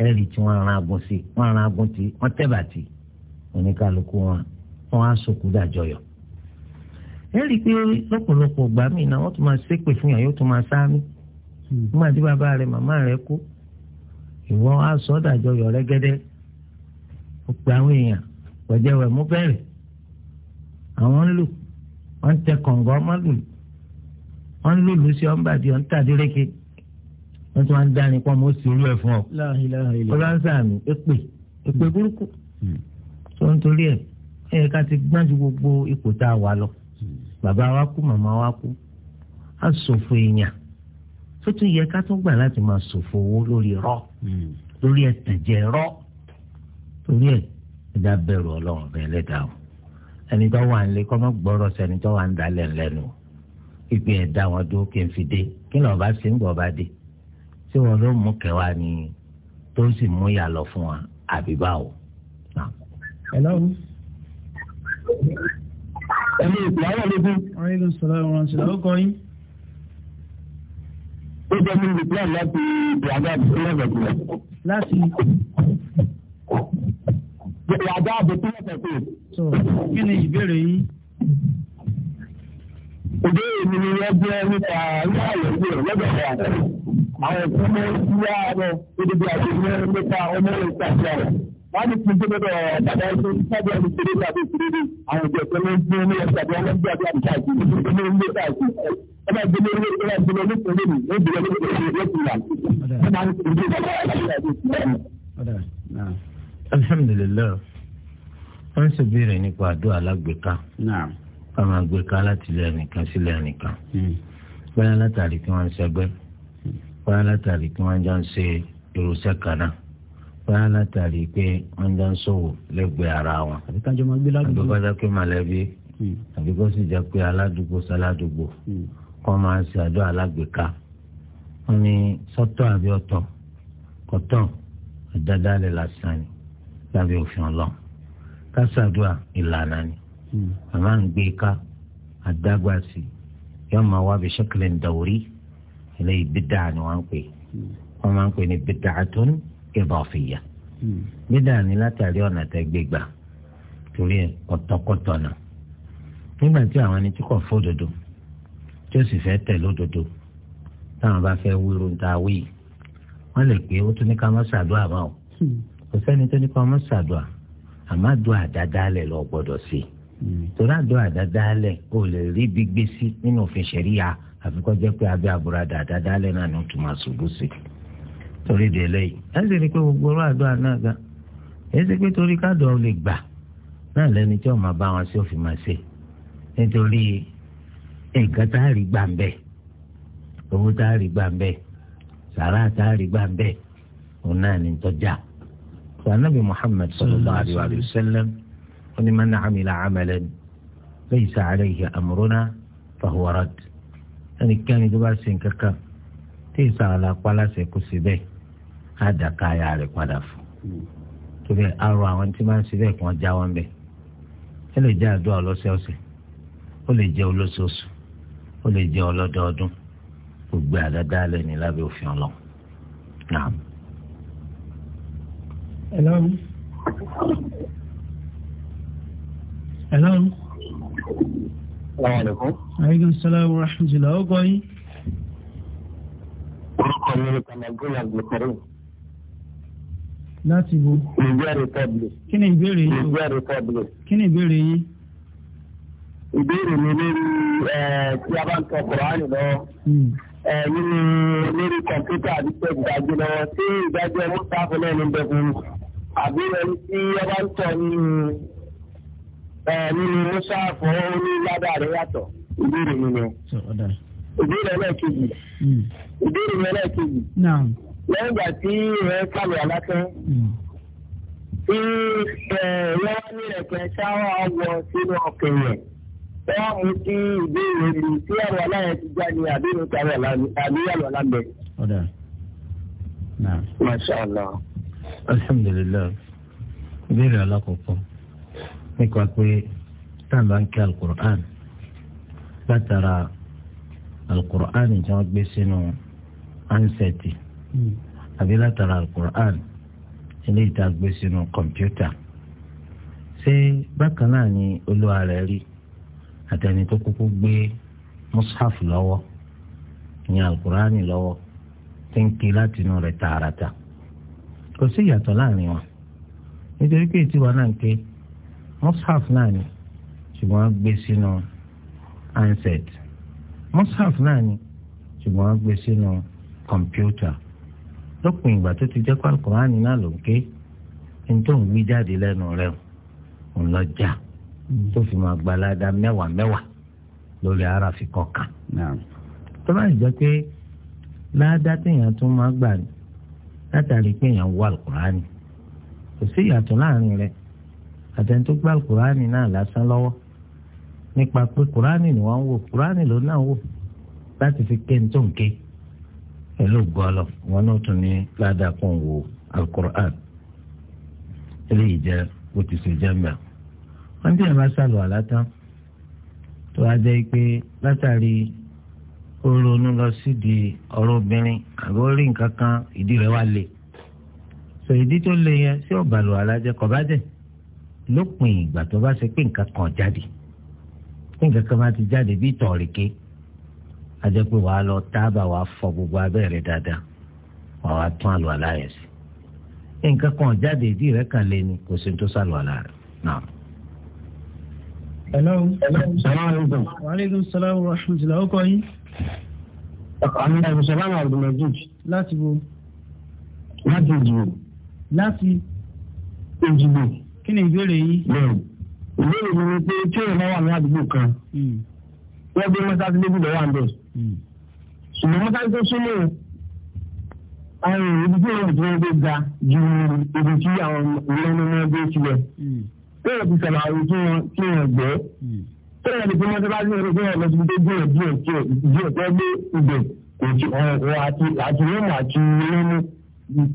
ẹ̀rì tí wọ́n ran agun sí wọ́n ran agun tí wọ́n tẹ̀bà tí oníkálukú wọn wọ́n á sòkú dàjọyọ̀ ẹ rí i pé lọ́pọ̀lọpọ̀ ọgbà mi náà wọ́n tún máa ṣépè fún yàn yóò tún máa sáámi hmm. nígbà tí bàbá rẹ màmá rẹ kú ìwọ asọdàjọ yọrẹ gẹdẹ òpè àwọn èèyàn pẹjẹwẹ mú bẹ̀rẹ̀ àwọn ń lù wọn ń tẹ kọǹgọ ọmọ lù wọn ń lùlù sí ọmọ bàbí wọn ń tàdéréke wọn tún wá ń dání pọ mọ sí irú ẹ fún ọ ọlọ́nsà mi èpè èpè burúkú hmm. tó ń bàbá wa kú màmá wa kú á ṣòfò èèyàn tó tún yẹ ká tún gbà láti máa ṣòfò owó lórí rọ hmm. lórí ẹtẹjẹ rọ torí ẹ ẹ̀dá bẹ̀rù Ọlọ́run bẹ́ẹ̀ lẹdá o ẹni tó wà nílé kọ́ mọ́ gbọ́rọ̀ sí ẹni tó wà ń dalẹ̀ lẹ́nu ìpè ẹ̀dá wọn dúró kí n fi dé kí ni ọba ṣe ń gbọ́ ọba dé tí wọn ló mú kẹwàá ni tó sì mú yà lọ fún wa àbí báwo ẹ̀mí ìpè àwọn ológun. aleykum salaam wa rahmatulah ó kọ́ yín. ó jẹ́ mi ní plan láti ìyàgbá ìlọ́gbẹ̀gbẹ̀. láti. ìyàgbá àbòtí lọ́sẹ̀kẹ̀. sọ kí ni ìbéèrè yín. ìbéèrè mi ni wọ́n jẹ́ nípa láàyè ìwé lọ́gbẹ̀ àwọn ìfúnmọ́ ìyá rẹ̀ ìdíje àti ìfúnmọ́ nípa ọmọ ìta ìyá wọ́n ti tún gbọ́dọ̀ bàbá ẹgbẹ́ sábà ní kéré tàbí kéré àwọn ìjọ tó ń fún ní ẹ̀sà bí wọ́n gbé àbí àbíkà àti ìdílé ní ilé káàkiri ọba ìdílé ní ilé káàkiri ọba ìdílé ní ilé káàkiri ọba ìdílé ní báyà látàrí pé wọ́n jọ ń ṣòwò lẹ́gbẹ̀ẹ́ ara wọn. àbí kájọ máa gbé ládùúgbò. àbí kọjá pé mọ̀lẹ́bí hmm. àbí kó sì jẹ́ pé aládùúgbò sáládùúgbò hmm. kọ́ máa ń ṣe àjọ alágbèéká. wọ́n ní sọ́tọ̀ àbí ọ̀tọ̀ kọ́tọ̀ àdádálẹ̀ lásán ni lábẹ́ òfin ọlọ́run kásádùá ìlànà ni màmá hmm. ń gbé ká àdágbà sí yóò máa wá bí ṣẹ́kìlẹ̀ ń dàwórí eléyìí bídà ni wọ́n pè wọ́n máa ń pè ní bídà tó ìdọ̀fìyà bídà ni látàrí ọ̀nà tẹ́gbẹ́gbà torí ẹ̀ kọ̀tọ̀kọ̀tọ̀ náà nígbà tí àwọn ẹni tí kò fódodo tí ó sì fẹ́ tẹ̀ lódodo táwọn bá fẹ́ wíru ń ta wí wọ́n lè pé ó tún ní ká má ṣàdúrà máa o kò sẹ́ni tó ní ká má ṣàdúrà àmọ́ àdúrà àdádálẹ̀ lọ gbọ́dọ̀ sí i torí àdúrà àdádálẹ̀ ò lè rí bí sí nínú òfin ṣẹ̀ríya àfikọ́ pé abẹ́ àbúradà àdádálẹ̀ náà ni ó tún máa ṣubú sí i torí di eléyìí ẹ sì rí i pé gbogbo ọ̀rọ̀ àdúrà náà gan ẹ sì pé torí káàdùn ọ lè gbà náà lẹni tí ọmọ bá wọn sí òfin máa ṣe nítorí nǹkan tá a rí gbà ń bẹ owó tá a rí gbà ń bẹ sàrà tá a rí gbà ń bẹ òun náà ní tọjá sànàbì Muhammad sallallahu alaihi wa sallam oní man amila amalan laysa alayhi amruna fahuwa ẹnikẹ́ni tó bá ṣe nǹkan kan tí ìsàlà pa láṣẹ kó ṣe á dàka aya rẹ̀ padà fún torí arọ àwọn tí máa ń ṣe bẹ́ẹ̀ kí wọ́n jáwọ́ ńbẹ̀ ẹ lè jẹ́ àdúrà ọlọ́sẹ̀ọ̀sẹ̀ ó lè jẹ́ olóṣooṣù ó lè jẹ́ ọlọ́dọọdún gbogbo àdáda lẹ̀ ní lábẹ́ òfin ọlọ́run náà. Hello. Hello. Salaamaleykum. Aleykum salaam wa rahmatulah. Ó gbọ́ yín. Orúkọ mi ni Kàmágún Abdulkareem láti wo. Niger Republic. kí ni ìbéèrè yìí. Niger Republic. kí ni ìbéèrè yìí. ìbéèrè mi lórí ẹ tí a bá ń tọ kùránì lọ hmm. ẹ nínú lórí kọ̀ǹpútà àdúgbò ìdájọ́ lọ́wọ́ tí ìdájọ́ mọ́tàfọ́ náà ló ń bẹ fún àbí ẹni tí a bá ń tọ nínú ẹ nínú mọ́tàfọ́ onílàdà rẹ̀ yàtọ̀ ìbéèrè mi ni. ìbéèrè ẹlẹ́ẹ̀kejì. Hmm. ìbéèrè mi ẹlẹ́ẹ̀kejì lẹ́yìn ìgbà tí hmm. ẹ kàlù alákẹ́ tí wọ́n ní ẹ̀kẹ́ ṣáwọ́ ọwọ́ sínú ọkẹ́ rẹ̀ wọ́n mú sí ìbéèrè lu sí ẹ̀rọ aláyẹn ti já ní àbínú tàbí àbíyàlọ́ lábẹ́. ọ̀dà náà. masha allah. alhamdulilayi ìbéèrè alákọ̀ọ́kọ́ nípa pé táwọn bá ń kí alukur'an látara alukur'an tí gbé sínú ansẹ́tì àbí látara alukur'an eléyìí tá a gbé sínú kọ̀mpútà ṣé bákan náà ni olúwa rẹ̀ rí àtẹni tó kúkú gbé mushaf lọ́wọ́ ní alukur'an lọ́wọ́ tí ń ké láti inú rẹ̀ tààràtà kò sí ìyàtọ̀ láàrin wọn nítorí pé ìtiwọ́ náà ń ké mushaf náà ni ṣùgbọ́n wọ́n gbé sínú handset mushaf náà ni ṣùgbọ́n wọ́n gbé sínú kọ̀mpútà lópin ìgbà tó ti jẹ́ kó alukur'ani náà ló ń ké ní tó ń wí jáde lẹ́nu rẹ̀ ń lọ jà hmm. tó fi máa gbalada mẹ́wàá mẹ́wàá lórí ara fi kọ̀ọ̀kan. tó bá jẹ́ pé láàdá téèyàn tún máa gbà ní látàrí pé èèyàn wá alukur'ani kò sí ìyàtọ̀ láàrin rẹ̀ àtẹni tó gbá alukur'ani náà lásán lọ́wọ́ nípa pé kur'ani ni wọ́n ń wò kur'ani ló náà wò láti fi ké ní tó ń ké pẹ̀lú gbọ́lọ̀ wọn náà tún ní ládàá kan wo alukur'an eléyìí jẹ́ bó ti ṣe jẹ́ mẹ́à. wọ́n ti ẹ̀ máa ṣàlù àlá tán tó wá jẹ́ pé látàrí ó ronú lọ sídìí ọ̀rọ̀ obìnrin àbí ó rí nǹkan kan ìdí rẹ̀ wá le. sọ ìdí tó le yẹn sí ọ̀bàlù àlá jẹ́ lópin ìgbà tó bá ṣe pé nǹkan kan jáde pé nǹkan kan bá ti jáde bí ìtọ̀ rèké ajẹ́ pé wàá lọ tábà wàá fọ gbogbo abẹ́ rẹ dáadáa wàá wá tún àlọ́ aláyẹ̀ sí nǹkan kan jáde ìdí rẹ kàn lé ni kò sí tó sàlọ́ àlá rẹ náà. hello. salaamaleykum. waaleykum salaam wa rahmatulah ọkọ yín. àmì àbùsọ̀lámù abdulmajid. láti wo. láti ìdìbò. láti. ìdìbò. kí ni ìbéèrè yìí. bẹ́ẹ̀ ìbéèrè mi ni pé tí èèyàn bá wà ní àdúgbò kan. Hmm. wọ́n gbé mọ́tàdínlógún lọ́wọ́ àǹdẹ̀sì ṣùgbọ́n wọ́n sáré tó súnmọ́ àwọn ìlú tí wọ́n ti gbé ga ju ibi tí àwọn ìlànà wọn gbé sílẹ̀ tó yẹ ti sọ̀rọ̀ àwọn tí wọ́n tí wọ́n gbé tó yẹ ti fi mọ́tò bá sí ẹ̀rọ tó yẹ lọ sí ibi tó díẹ̀ díẹ̀ díẹ̀ tó gbé ibẹ̀ kò tí ọ̀rọ̀ àti àti mímu àti mímu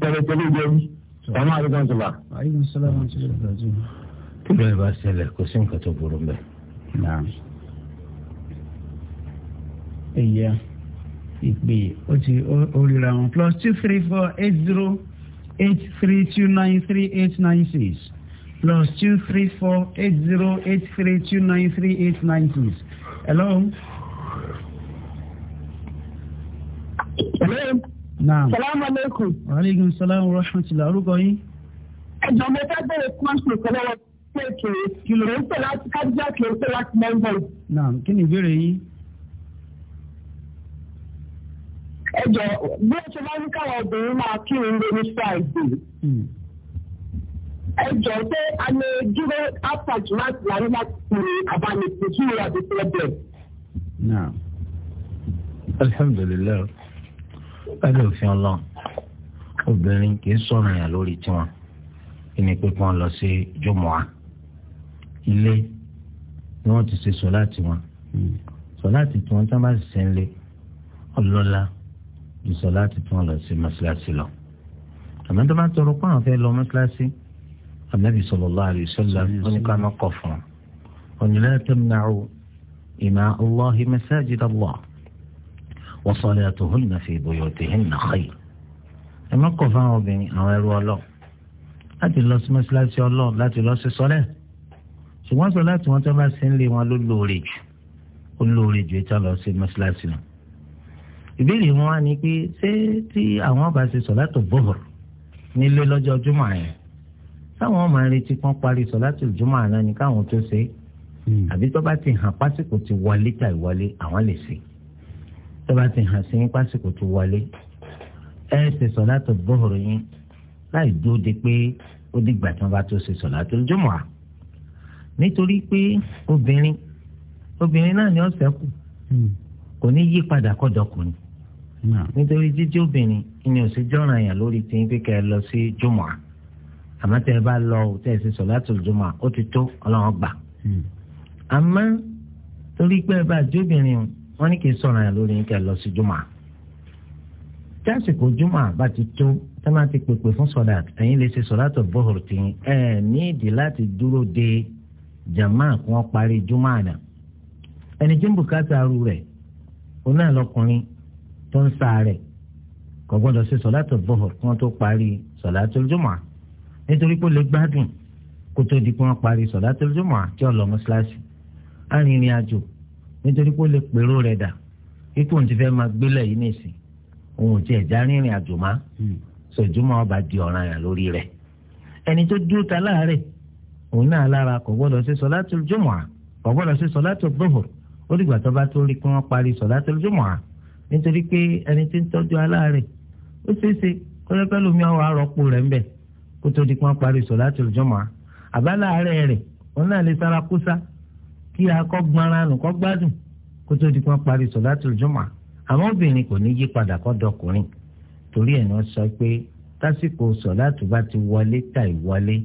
pẹ̀lẹ́pẹ̀lẹ́ ìjẹbi ọmọ àdúgbò tó bá. ayélujára ṣẹlẹ̀ kò sí nǹkan tó burú bẹ́ẹ̀ ẹ̀yà ìpè ó ti oríra wọn plus two three four eight zero eight three two nine three eight nine six plus two three four eight zero eight three two nine three eight nine six. hello. hello. naam. salaamaleykum. waaleykum salaam wa rahmatulah. orúkọ yín. ẹ̀jọ̀ mi fẹ́ bẹ̀rẹ̀ kọ́ńtù kọ́lọ́wọ́ kéèké kìlọ̀ ń pè láti kájíjà kìlọ̀ ń pè láti mẹ́ńbọ̀lù. naam kí ni ìbéèrè yín. jọ bí ó ṣe máa ń káwọn obìnrin máa kírun lé ní friday hmm. ẹ jọ pé a lè dúró after jumat láyé láti pè abánipò kí ìwà ti tẹ bẹ. alhamdulilayi lábẹ́ òfin ọlọ́run obìnrin kì í sọ̀rọ̀ yàn lórí tiwọn kí ni pé kí wọ́n lọ sí jùmọ̀á ilé ni wọ́n ti ṣe sọ láti wọn hmm. sọ láti tí wọ́n bá sì ṣe ń lé ọlọ́lá ju sọláàtì tí wọ́n lọ sí mọ́ṣáláṣí lọ. àmọ́ tó bá ń tọrọ pé àwọn fẹ́ lọ mọ́ṣáláṣí ànábì sallallahu alaihi wasallam ó ní ká má kọ̀ fún un. òní la tamna'u ima Allahi masajid Allah wa salatuhunna fi buyutihinna khayr. ẹ má kọ̀ fún àwọn obìnrin àwọn ẹrú ọlọ́ọ̀ láti lọ sí mọ́ṣáláṣí ọlọ́ọ̀ láti lọ sí sọ́lẹ̀ ṣùgbọ́n sọ láti wọn tó bá sí ń lé wọn ló lóore jù ó lóore jù sí mọ́ṣáláṣí náà ìbéèrè wọn wá ni pé ṣé tí àwọn bá ṣe sọ̀látò bọ́ọ̀rù nílé lọ́jọ́ júmọ̀ yẹn táwọn máa retí kán parí sọ̀látò júmọ̀ àná ni káwọn tó ṣe hmm. àbí tó bá ti hàn pásìkò ti wọlé tà ìwọlé àwọn lè ṣe tó bá ti hàn sí pásìkò ti wọlé ẹ ṣe sọ̀látò bọ́ọ̀rù yín láì dúró de pé ó dìgbà tí wọn bá tó ṣe sọ̀látò júmọ̀ à nítorí pé obìnrin obìnrin náà ni ó ṣẹ́kù hmm. kò ní yí padà kọ́dọ̀kùnrin nítorí jíjí obìnrin ni ò sí jọ́ràn yàn lórí tí pé kẹ́ ẹ lọ sí jùmọ̀à àmọ́ tẹ́ ẹ bá lọ ò tẹ́ ẹ sì sọ̀látù jùmọ̀à ó ti tó ọlọ́run gbà. Hmm. àmọ́ torí pé ẹ bá jóbìnrin wọn ní kì í sọ̀ràn yàn lórí kẹ́ ẹ lọ sí jùmọ̀à. tásìkò jùmọ̀à bá ti tó tẹ́ máa ti pèpè fún sọ̀dà ẹ̀yin lè ṣe sọ̀látù bọ́ọ̀rù tì í ẹ̀ ní ìdí láti dúró de jàmáà kí wọ́n parí jùmọ̀à náà ẹni tí ń bùkátà aru tó ń sa rẹ̀ kò gbọ́dọ̀ ṣe sọ̀látò bọ̀họ̀ kí wọ́n tó parí sọ̀látò jùmọ̀ nítorí pé ó lè gbádùn kó tó di pé wọ́n parí sọ̀látò jùmọ̀ tí ó lọ mọ́ṣáláṣí arìnrìn àjò nítorí pé ó lè pèrò rẹ̀ dà kíkó ní ti fẹ́ máa gbélé yìí nìsín òun ò tiẹ̀ já rìnrìn àjò má hmm. sọ̀júmọ̀ ọba di ọ̀ràn yà lórí rẹ̀ ẹni tó dúró ta láàárẹ̀ òun náà lára kò gbọ́dọ̀ ṣe sọ̀látò jùmọ̀ kò gbọ́dọ̀ ṣe sọ̀látò bọ̀họ̀ ó nítorí pé ẹni tí ń tọ́jú aláàárẹ̀ ó ṣeéṣe kọ́lẹ́ pẹ́ lómi àwọn arọ́pò rẹ̀ ń bẹ̀ kó tó di pọ́n parí sọ̀ láti ọjọ́ mọ́ àbáláàárẹ̀ rẹ̀ òun náà lè sára kúsá kí akọ́ gbọ́nra nù kọ́ gbádùn kó tó di pọ́n parí sọ̀ láti ọjọ́ mọ́ àmọ́ obìnrin kò ní yí padà kọ́ dọkùnrin torí ẹ̀ náà sọ pé tásìkò sọ̀láàtù bá ti wọlé tàì wọlé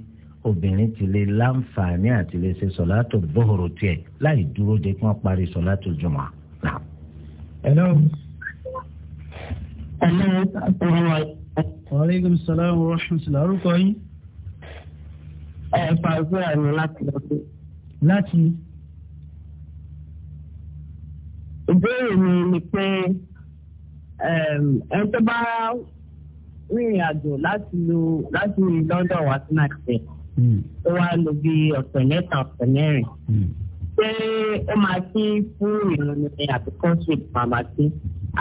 obìnrin ti lè láǹfààní àti lè ṣe sọ̀láàtù bóhòrò tiẹ̀ láì dúró de kí wọ́n parí sọ̀láàtù jùmọ̀. Hello aleykum salaam wa rahmatulah orúkọ yín. ẹ fàáfù àná láti lọ sí. láti. ìbéèrè mi ni pé ẹni tó bá rìnrìn àjò láti lo láti London wá sí Nàìjíríà tó hmm. wá lò bí ọ̀sẹ̀ mẹ́ta ọ̀sẹ̀ mẹ́rin pé hmm. ó máa kí fún ìrìn àjò kan ṣe pàmà sí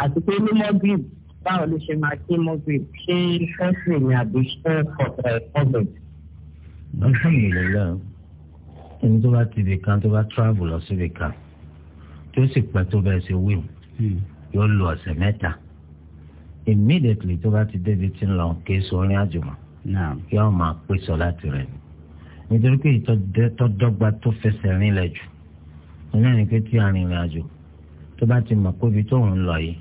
àti pé ní mọ́bìlì báwo ló ṣe máa kí mọ́gbìn ṣé fọ́sìn ni àbí ṣé fọ́sìn ọ̀gbìn. alhamdulilayi ẹni tó bá ti ibì kan tó bá travel lọ síbi kan tí ó sì pẹ́ tó bẹ́ẹ̀ ṣe wíwù hmm. yóò lo ọ̀sẹ̀ mẹ́ta immediately tó bá ti débi tí ń lọ kí sọ orin àjùmọ̀ yóò máa pè sọ láti rẹ̀ nítorí pé ìtọ́dọ́gba tó fẹsẹ̀ rinlẹ̀ jù nínú ẹni pé tí arìnrìn àjò tó bá ti mọ̀ pé tó ń lọ yìí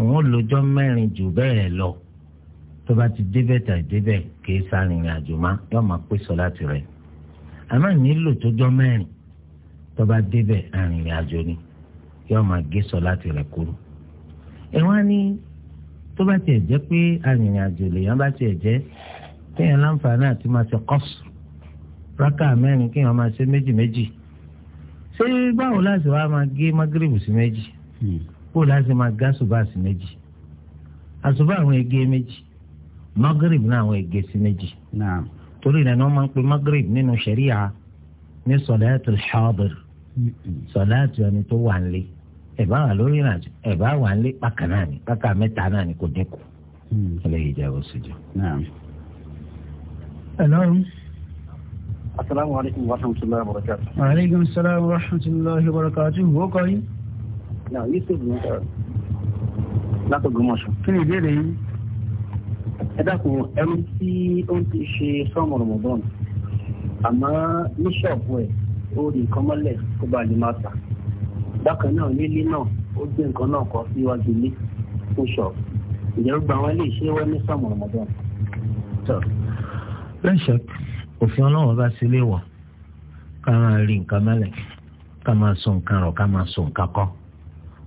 òun lọ́jọ́ mẹ́rin jù bẹ́ẹ̀ lọ tó bá ti débẹ̀ tà débẹ̀ kìí sárìnrìn àjò má yóò máa pé sọláàtì rẹ̀ àmọ́ nílò tójọ́ mẹ́rin tó bá débẹ̀ arìnrìn àjò ni yóò máa gé sọláàtì rẹ̀ kúrú. ẹ̀wọ́n ní tó bá tiẹ̀ jẹ́ pé arìnrìn àjò lèèyàn bá tiẹ̀ jẹ́ kéèyàn láǹfààní àti máa ṣe kọ́sù rákà mẹ́rin kéèyàn máa ṣe méjì méjì ṣé báwo láti wá máa gé mágírìbù sí méjì. Hmm bóòlù á sì máa gá àṣùbà sí méjì àṣùbà àwọn ege méjì magrib náà àwọn ege sí méjì torí ìlànà wọn máa ń pe magrib nínú sẹríya ní sọláàtì al-hadir sọláàtì ẹni tó wà ń lé ẹ̀bá wà lórí ìrìnàjò ẹ̀bá wà ń lé pàkà náà ni pàkà mẹ́ta náà ni kò dínkù mm. eléyìí jẹ́ oṣù jù. hello. asalaamualeykum wa rahmatulahi wa barakatu. maaleykum salaam wa rahmatulahi wa barakatu. wọ́n kọ́ yín. na yusuf ló ń sọ̀rọ̀ kí ni ìbéèrè ẹ dákun ẹni tí ṣe sọ́ọ̀mù àmọ́ ní ṣọ́ọ̀bù ẹ̀ ó rí nǹkan mọ́lẹ̀ kó lè máa tà bákan náà nílé náà ó gbé nǹkan náà kọ síwájú ilé fún ṣọ́ọ̀bù gba àwọn ilé iṣẹ́ ní sọ́ọ̀mù lẹ́sẹ̀ òfin ọlọ́run bá sílé wọ̀ ká máa rí nǹkan mọ́lẹ̀ ká máa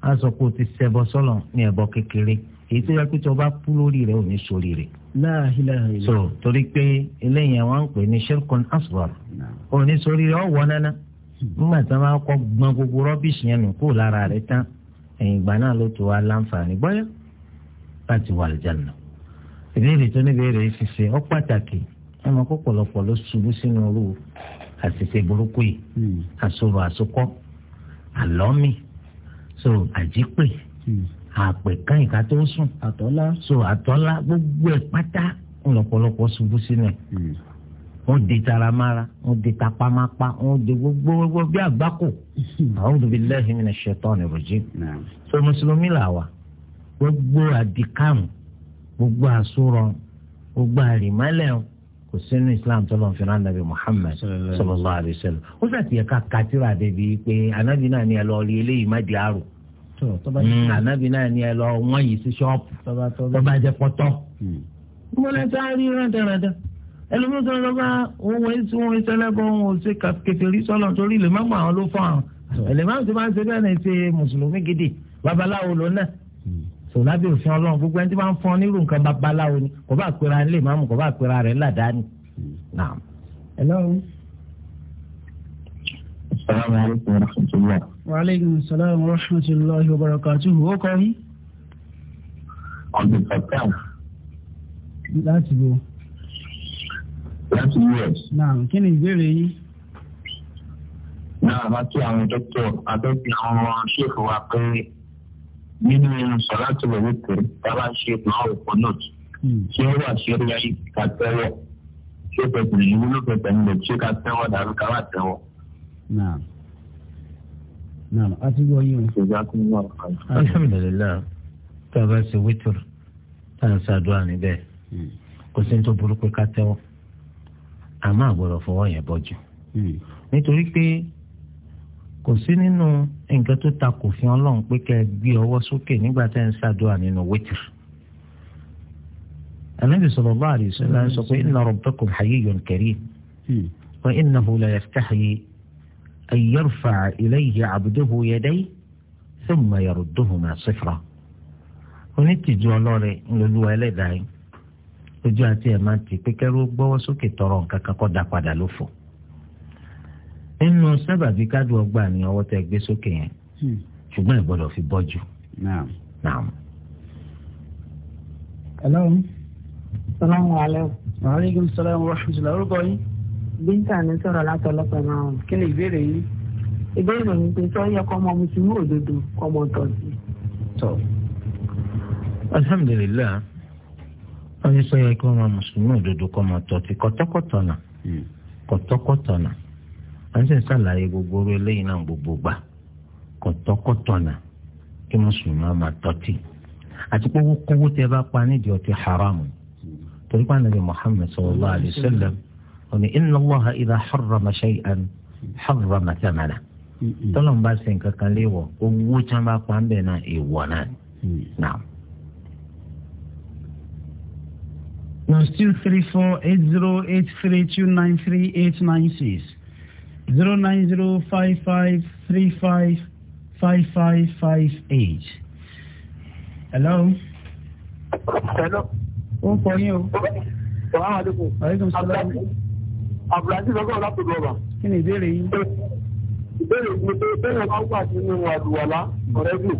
á sọ pé o ti ṣẹbọ sọlọ ní ẹbọ kékeré èyí tó yẹ pé tó bá kú lórí rẹ ò ní sórí rẹ. láàhìláhìlá. so torí pé eléyìí àwọn ń pè ní shirkun asghar ò ní sórí rẹ ọ wọ nánà nígbà tí wọn bá kọ gbọn gbogbo rọbìṣì yẹn nù kó lára rẹ tán ẹ̀yìn ìgbà náà ló tó wa láǹfààní gbọyọ láti wà lìjànà. ìbéèrè tó ní ìbéèrè ṣiṣẹ ọ pàtàkì ẹ kó pọ̀lọpọ̀ ló ṣubú sínú orú àṣìṣe burúkú yìí hmm. àṣòro àṣokọ àlọ́ so àjípè hmm. àpè kan ìka tó sùn àtọ́lá so àtọ́lá gbogbo ẹ̀ pátá ńlọ́pọ̀lọpọ̀ ṣubú sílẹ̀ hmm. wọ́n di taramara wọ́n di tapamapa wọ́n di gbogbo gbogbo bí àgbákò hmm. a'udhu billahi minash shaitani rajim so mùsùlùmí là wà gbogbo àdìkàmù gbogbo àsúrọ gbogbo àrìmálẹ̀ kò sínú islam tó lọ́n fìrán nàbì muhammed sallallahu alaihi wasallam ó sàtì ẹ̀ka kátìrà débi pé anabi náà ni ẹ lọ rí eléyìí má di àrò anabi mm. náà ni ẹ lọ wọ́n yìí sí ṣọ́ọ̀pù tó bá jẹ́ pọ́tọ́. Mm. mo lè ta rí rádaràda ẹlòmíràn tó lọ bá òun wọ́n sí wọn ìṣẹ́lẹ́bọ̀ òun ò ṣe kẹfẹ́rí sọ́lọ̀ torí lè má mọ àwọn ló fọ́ àwọn ẹlẹ́mọ̀ tó bá ń ṣe bẹ́ẹ̀ ni ṣe mùsùlùmí gidi babaláwo lónà sọ lábẹ́ òfin ọlọ́run gbogbo ẹni tí wọ́n fọ́n nírú nǹkan babaláwo ni kò bá pera ẹ̀ lè máàmù kò bá pera rẹ̀ ládàáni. salaamaleykum wa rahmatulah. wa aleykum salaam wa rahmatulah ọ̀gbìn kankan. láti wo. láti us. náà kí ni ìbéèrè yín náà bá kí àwọn dókítà àbẹ́bí àwọn ṣèfò wa pé nínú sọ̀láṣí rẹ̀ tó bàbá ṣe máa wò pọ̀ náà hmm. ṣé ó wà ṣé ó yá ká tẹ́wọ̀ ṣé pẹ̀tẹ̀ ìlú ló pẹ̀tẹ̀ nílẹ̀ ṣé ká tẹ́wọ̀ dàrú ká wà tẹ́wọ̀. naam a ti gbọ́ yín o. ṣèjọ́ a ti ń wà lọ́kàn. alhamdulilayi tí a bá ṣe wítìrì tá à ń ṣàdúrà níbẹ̀ hmm. kò sí ní tó burú pé ká tẹ́wọ̀ àmọ́ fọwọ́ yẹn bọ́jú hmm. nítorí pé kò sí nínú nǹkan tó ta kò fi ọlọ́run pé kẹ́ ẹ gbé ọwọ́ sókè nígbà tẹ́ ń ṣàdúrà nínú wítìrì. Ànábì sallallahu alaihi wasallam sọ pé inna rabbakum hayyun karim hmm. wa innahu la yastahyi an yarfa'a ilayhi 'abduhu yadayhi thumma yarudduhuma sifra. onítìjú ọlọ́rẹ̀ ńlọlúwa ẹlẹ́dàá yìí ojú àti ẹ̀ máa ti pé kẹ́rú gbọ́wọ́ sókè tọrọ nǹkan nínú sábàbí kádùn ọgbà ní ọwọ́ tẹ gbé sókè yẹn hmm. ṣùgbọ́n ẹ gbọ́dọ̀ fi bọ́jú. hello salamu aleykum. wa aleykum salaam wa rahmatulah orúkọ yín. bíńtà ní sọ̀rọ̀ látọ̀lọ́pẹ̀ náà. kí ni ìbéèrè yìí. ìbéèrè mi pé sọ yẹ kọ́ ọmọ mùsùlùmí òdodo kọ́ ọmọ tọ̀ sí. tọ́ alhamdulilayi wọ́n ní sọ yẹ kọ́ ọmọ mùsùlùmí òdodo kọ́ ọmọ tọ̀ sí kọ́tọ́kọ́tọ̀ náà hmm. kọ́tọ́kọ́tọ̀ náà. à ń sẹ́ sàlàyé gbogbo orí eléyìí náà gbogbo gbà kọ̀tọ́kọ̀tọ̀nà kí mùsùlùmí ọmọ tọ́tì àti pé owó kówó tẹ bá pa nídìí ọtí haramu torí pé muhammed sallallahu alayhi wa sallam òní inna allaha idha harrama shay'an harrama thamana tọ́lọ̀ ń bá léwọ̀ owó tí wọ́n bá zero nine zero five five three five five five five eight. hello. hello. ó ń kọ yín o. salaam aleykum. aleykum salaam. abdulaziz ọgọ́rùn láti gbọ́ba. kí ni ìbéèrè yín. ìbéèrè mi pé bẹ́ẹ̀ máa ń wà nínú àlùwàlá ọ̀rẹ́gùn.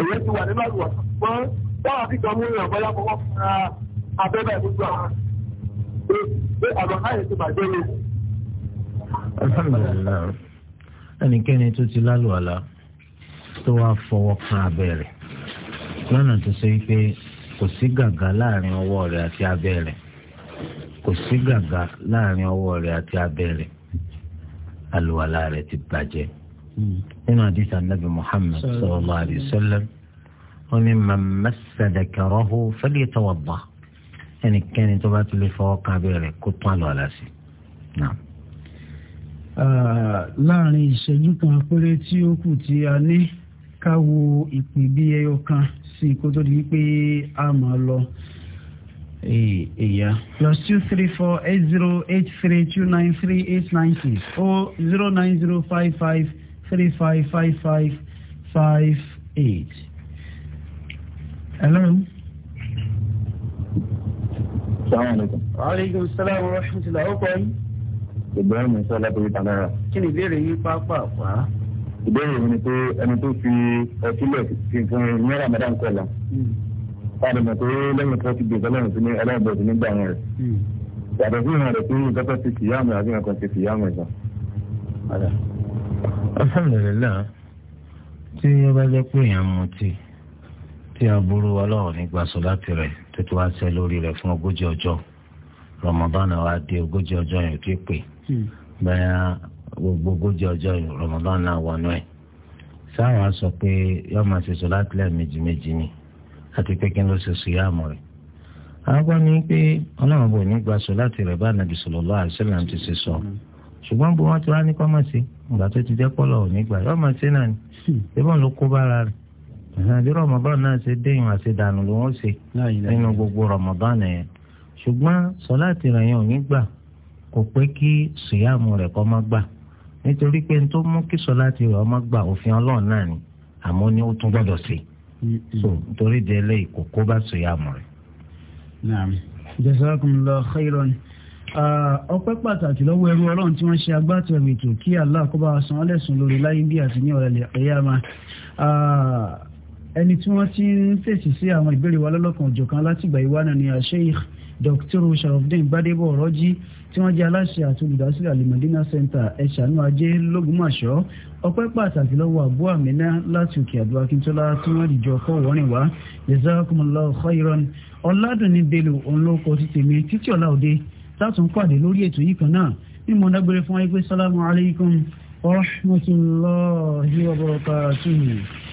èyí ti wà nínú àlùwàlá ṣùgbọ́n báwa fi kan mú ìrìn àbáyá kọ́kọ́ fún abẹ́bẹ̀ gbogbo àwọn. pé àlọ́ náà yẹn ti bàjẹ́ lóko alhamdulilayi ẹnikẹ́ni tó ti lálùwàlá tó wá fọwọ́ kan abẹ́ rẹ̀ lọ́nà tó ṣe pé kò sí gàgà láàrin ọwọ́ rẹ̀ àti abẹ́ rẹ̀ kò sí gàgà láàrin ọwọ́ rẹ̀ àti abẹ́ rẹ̀ àlùwàlá rẹ̀ ti bàjẹ́ nínú àdìsí anábì muhammed sallallahu alayhi wọn ni màmá sàdàkàrọ́hó fẹ́lẹ́ tọwọ́ bá ẹnikẹ́ni tó bá ti lè kan abẹ́ rẹ̀ kó tún àlùwàlá sí Ah, láàrin ìṣẹ́jú kan péré tí ó kù tí a ní ká wo ìpín bí ẹyọ kan sí kó tó di pé a máa lọ èyà plus two three four eight zero eight three two nine three eight nine six or zero nine zero five five three five five five five eight. hello. salaamaleykum. waaleykum salaam wa rahmatulah. ọkọ Ibrahim Sọlá torí tàbí ara. Kí ni ìbéèrè yín pápá wá? Ìbéèrè mi ni pé ẹni tó fi ọtílẹ̀ fi fún ní Ramadan kọlà. Hmm. Fáàdì mọ̀ pé lẹ́yìn tó ti gbèsè ọlọ́run sí ní ẹlẹ́bẹ̀ẹ́ sí nígbà wọn rẹ̀. Hmm. Yàtọ̀ sí ìrìn àdè pé nǹkan tó ti fìyàmù àbí nǹkan ti fìyàmù ẹ̀ sàn. Alhamdulilayi tí ó bá jẹ́ pé èèyàn mutí tí aburú ọlọ́run nígbà sọ láti rẹ̀ tó ti wá sẹ́ lórí rẹ̀ fún ogójì ọjọ́ rọmọbọ́nà wa dé ogójì ọjọ́ yẹn tó pè hmm. bẹ́ẹ̀ gbogbo ogójì ọjọ́ yẹn rọmọbọ́nà wọnú ẹ̀ sáwọn a sọ pé yọọ máa ṣe sọláàtì lẹ́ẹ̀mejì méjì ni àti pé kí n ló ṣe sùyàmù rẹ̀ àwọn ni pé ọlọ́run bò ní gba sọláàtì rẹ̀ bá nàbì sallallahu alaihi wasallam ti ṣe sọ hmm. ṣùgbọ́n bí wọ́n ti wá ní kọ́ máa ṣe ìgbà tó ti jẹ́ pọ́lọ̀ òní gbà yọọ máa ṣe náà ni ìbọn hmm. ló kó bára rẹ̀ àbí rọmọbọ́n náà ṣe déyìn àṣedànù ló wọ́n ṣe nínú gbogbo rọmọbọ́n yẹn ṣùgbọ́n sọláàtì rẹ̀ yẹn ò ní gbà kò pé kí sùyàmù rẹ̀ kọ́ má gbà nítorí pé n tó mú kí sọláàtì rẹ̀ ọmọ gbà òfin ọlọ́run náà ni àmọ́ ni ó tún gbọ́dọ̀ sí mm-hmm. so nítorí délé ìkókó bá sùyàmù rẹ̀. naam jazakumullahu khairan ọpẹ́ pàtàkì lọ́wọ́ ẹrú ọlọ́run tí wọ́n ṣe agbátẹrù ètò kí Allah kó bá san ọlẹ́sùn lórí láyé bí àti ní ọ̀rẹ́lẹ̀ ẹ̀yàmá ẹni tí wọ́n ti ń fèsì sí àwọn ìbéèrè wa lọ́lọ́kan òjọ̀kan látìgbà ìwánà ni Sheikh dr sharafdin gbadebo ọ̀rọ̀jì tí wọ́n jẹ́ aláṣẹ àti olùdásílẹ̀ alimọ̀dínà center ẹ̀ṣánú ajé lógúnmọ̀ṣọ́ ọpẹ́ pàtàkì lọ́wọ́ àbú àmínà láti òkè àdó akíntola tí wọ́n dìjọ kọ́ wọ́rin wá jazakumullahu khairan ọ̀làdùnní bello òǹlọ́kọ̀ ti tèmi títí ọ̀la òde látún pàdé lórí ètò yìí kan náà ní mo dágbére fún wa yìí pé sálámù alaykum wa rahmatulahi wa barakatuhu.